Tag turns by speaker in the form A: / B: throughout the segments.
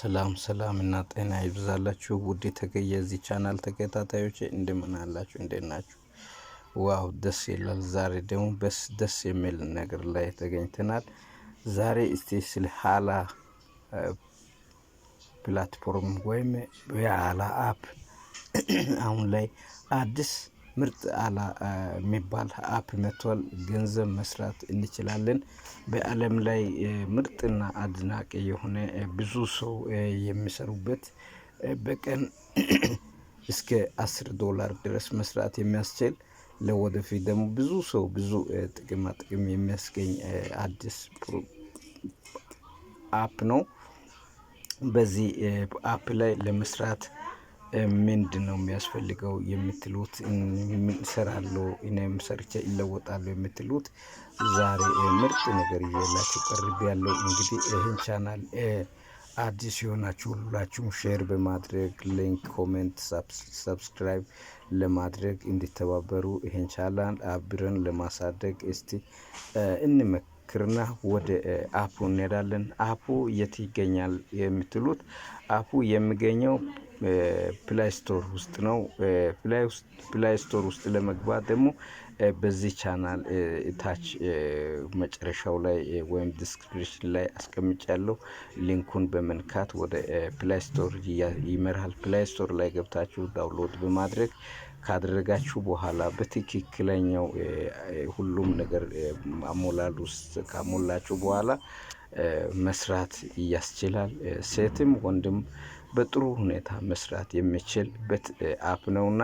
A: ሰላም ሰላም እና ጤና ይብዛላችሁ ውድ የተገየ እዚህ ቻናል ተከታታዮች እንደምን አላችሁ? እንዴት ናችሁ? ዋው ደስ ይላል። ዛሬ ደግሞ በስ ደስ የሚል ነገር ላይ ተገኝተናል። ዛሬ እስቲ ስለ ሀላ ፕላትፎርም ወይም የሀላ አፕ አሁን ላይ አዲስ ምርጥ አላ የሚባል አፕ መጥቷል። ገንዘብ መስራት እንችላለን። በዓለም ላይ ምርጥና አድናቂ የሆነ ብዙ ሰው የሚሰሩበት በቀን እስከ አስር ዶላር ድረስ መስራት የሚያስችል ለወደፊት ደግሞ ብዙ ሰው ብዙ ጥቅማ ጥቅም የሚያስገኝ አዲስ አፕ ነው። በዚህ አፕ ላይ ለመስራት ነው የሚያስፈልገው የምትሉት እሰራለሁ፣ እኔም ሰርቼ ይለወጣሉ የምትሉት ዛሬ ምርጥ ነገር እየላችሁ ቀርብ ያለው እንግዲህ ይህን ቻናል አዲስ የሆናችሁ ሁላችሁም ሼር በማድረግ ሊንክ፣ ኮሜንት፣ ሰብስክራይብ ለማድረግ እንዲተባበሩ ይህን ቻናል አብረን ለማሳደግ እስቲ እንመክ እንሞክርና ወደ አፑ እንሄዳለን። አፑ የት ይገኛል የምትሉት፣ አፑ የሚገኘው ፕላይ ስቶር ውስጥ ነው። ፕላይ ስቶር ውስጥ ለመግባት ደግሞ በዚህ ቻናል ታች መጨረሻው ላይ ወይም ዲስክሪፕሽን ላይ አስቀምጫለሁ። ሊንኩን በመንካት ወደ ፕላይ ስቶር ይመርሃል። ፕላይ ስቶር ላይ ገብታችሁ ዳውንሎድ በማድረግ ካደረጋችሁ በኋላ በትክክለኛው ሁሉም ነገር አሞላል ውስጥ ካሞላችሁ በኋላ መስራት ያስችላል። ሴትም ወንድም በጥሩ ሁኔታ መስራት የሚችልበት አፕ ነውና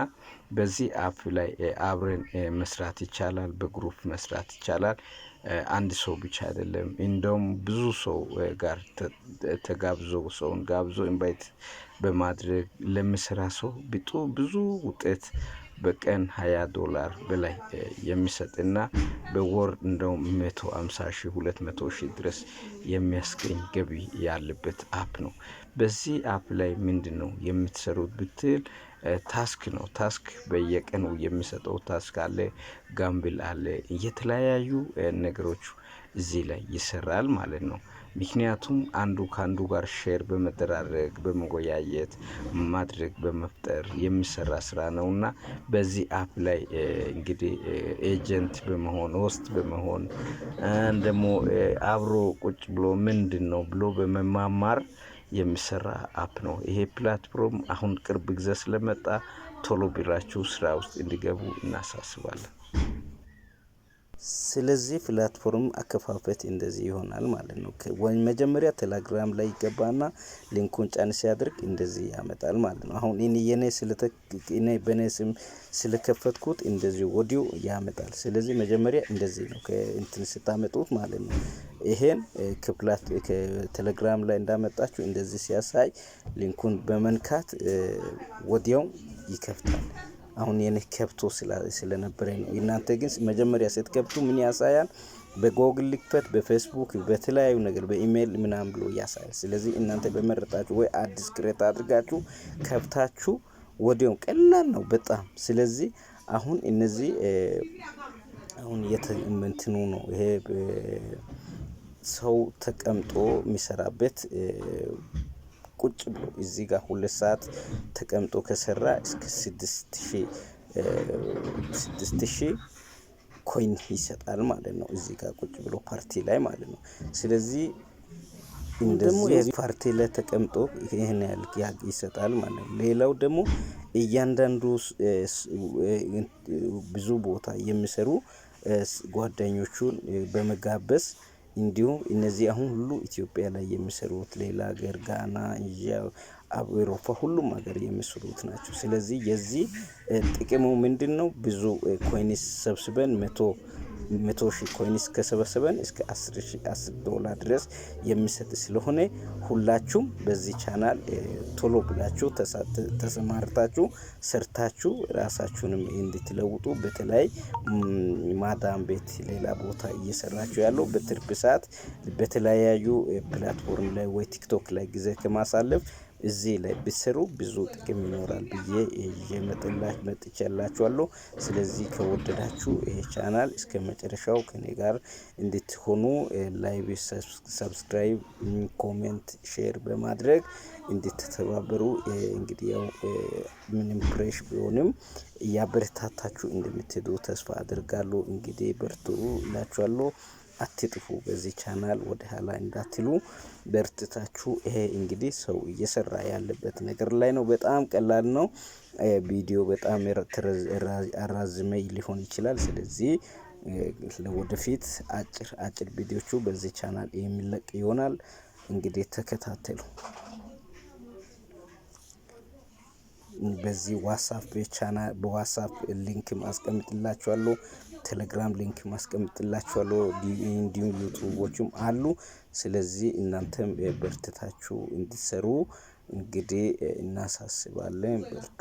A: በዚህ አፕ ላይ አብረን መስራት ይቻላል። በግሩፕ መስራት ይቻላል። አንድ ሰው ብቻ አይደለም። እንደውም ብዙ ሰው ጋር ተጋብዞ ሰውን ጋብዞ ኢንቫይት በማድረግ ለሚሰራ ሰው ብጡ ብዙ ውጤት በቀን 20 ዶላር በላይ የሚሰጥና በወር እንደው 150 ሺ 200 ሺ ድረስ የሚያስገኝ ገቢ ያለበት አፕ ነው። በዚህ አፕ ላይ ምንድን ነው የምትሰሩት ብትል ታስክ ነው። ታስክ በየቀኑ የሚሰጠው ታስክ አለ፣ ጋምብል አለ፣ የተለያዩ ነገሮች እዚህ ላይ ይሰራል ማለት ነው። ምክንያቱም አንዱ ከአንዱ ጋር ሼር በመደራረግ በመወያየት ማድረግ በመፍጠር የሚሰራ ስራ ነው እና በዚህ አፕ ላይ እንግዲህ ኤጀንት በመሆን ሆስት በመሆን ደግሞ አብሮ ቁጭ ብሎ ምንድን ነው ብሎ በመማማር የሚሰራ አፕ ነው። ይሄ ፕላትፎርም አሁን ቅርብ ጊዜ ስለመጣ ቶሎ ቢላችሁ ስራ
B: ውስጥ እንዲገቡ እናሳስባለን። ስለዚህ ፕላትፎርም አከፋፈት እንደዚህ ይሆናል ማለት ነው። መጀመሪያ ቴሌግራም ላይ ይገባና ሊንኩን ጫን ሲያደርግ እንደዚህ ያመጣል ማለት ነው። አሁን እኔ የኔ ስለኔ በኔ ስም ስለከፈትኩት እንደዚህ ወዲሁ ያመጣል። ስለዚህ መጀመሪያ እንደዚህ ነው ከእንትን ስታመጡት ማለት ነው። ይሄን ቴሌግራም ላይ እንዳመጣችሁ እንደዚህ ሲያሳይ ሊንኩን በመንካት ወዲያው ይከፍታል። አሁን የኔ ከብቶ ስለነበረ ነው። እናንተ ግን መጀመሪያ ሴት ከብቱ ምን ያሳያል? በጎግል ልክፈት፣ በፌስቡክ፣ በተለያዩ ነገር በኢሜይል ምናምን ብሎ ያሳያል። ስለዚህ እናንተ በመረጣችሁ ወይ አዲስ ቅሬታ አድርጋችሁ ከብታችሁ ወዲያው ቀላል ነው በጣም ስለዚህ አሁን እነዚህ አሁን የት ነው ይሄ ሰው ተቀምጦ የሚሰራበት ቁጭ ብሎ እዚ ጋር ሁለት ሰዓት ተቀምጦ ከሰራ እስከ ስድስት ሺ ኮይን ይሰጣል ማለት ነው። እዚ ጋር ቁጭ ብሎ ፓርቲ ላይ ማለት ነው። ስለዚህ
A: እንደዚህ
B: ፓርቲ ላይ ተቀምጦ ይህን ያህል ይሰጣል ማለት ነው። ሌላው ደግሞ እያንዳንዱ ብዙ ቦታ የሚሰሩ ጓደኞቹን በመጋበዝ እንዲሁም እነዚህ አሁን ሁሉ ኢትዮጵያ ላይ የሚሰሩት ሌላ ሀገር ጋና፣ አውሮፓ ሁሉም ሀገር የሚሰሩት ናቸው። ስለዚህ የዚህ ጥቅሙ ምንድን ነው? ብዙ ኮይንስ ሰብስበን መቶ መቶ ሺ ኮይን እስከሰበሰበን እስከ አስር ዶላር ድረስ የሚሰጥ ስለሆነ ሁላችሁም በዚህ ቻናል ቶሎ ብላችሁ ተሰማርታችሁ ሰርታችሁ ራሳችሁንም እንድትለውጡ በተለይ ማዳም ቤት ሌላ ቦታ እየሰራችሁ ያለው በትርፍ ሰዓት በተለያዩ ፕላትፎርም ላይ ወይ ቲክቶክ ላይ ጊዜ ከማሳለፍ እዚህ ላይ ብትሰሩ ብዙ ጥቅም ይኖራል ብዬ መጥቼላችኋለሁ። ስለዚህ ከወደዳችሁ ይህ ቻናል እስከ መጨረሻው ከኔ ጋር እንድትሆኑ ላይቭ፣ ሰብስክራይብ፣ ኮሜንት፣ ሼር በማድረግ እንድትተባበሩ እንግዲህ ያው ምንም ፍሬሽ ቢሆንም እያበረታታችሁ እንደምትሄዱ ተስፋ አድርጋለሁ። እንግዲህ በርቱ እላችኋለሁ። አትጥፉ፣ በዚህ ቻናል ወደ ኋላ እንዳትሉ በርትታችሁ። ይሄ እንግዲህ ሰው እየሰራ ያለበት ነገር ላይ ነው። በጣም ቀላል ነው። ቪዲዮ በጣም አራዝሜ ሊሆን ይችላል። ስለዚህ ለወደፊት አጭር አጭር ቪዲዮቹ በዚህ ቻናል የሚለቅ ይሆናል። እንግዲህ ተከታተሉ። በዚህ ዋትሳፕ ቻናል በዋትሳፕ ሊንክም አስቀምጥላችኋለሁ። ቴሌግራም ሊንክ ማስቀምጥላችኋለሁ። እንዲሁም ዩቱቦችም አሉ። ስለዚህ እናንተም በርትታችሁ እንድትሰሩ እንግዲህ እናሳስባለን። በርቱ።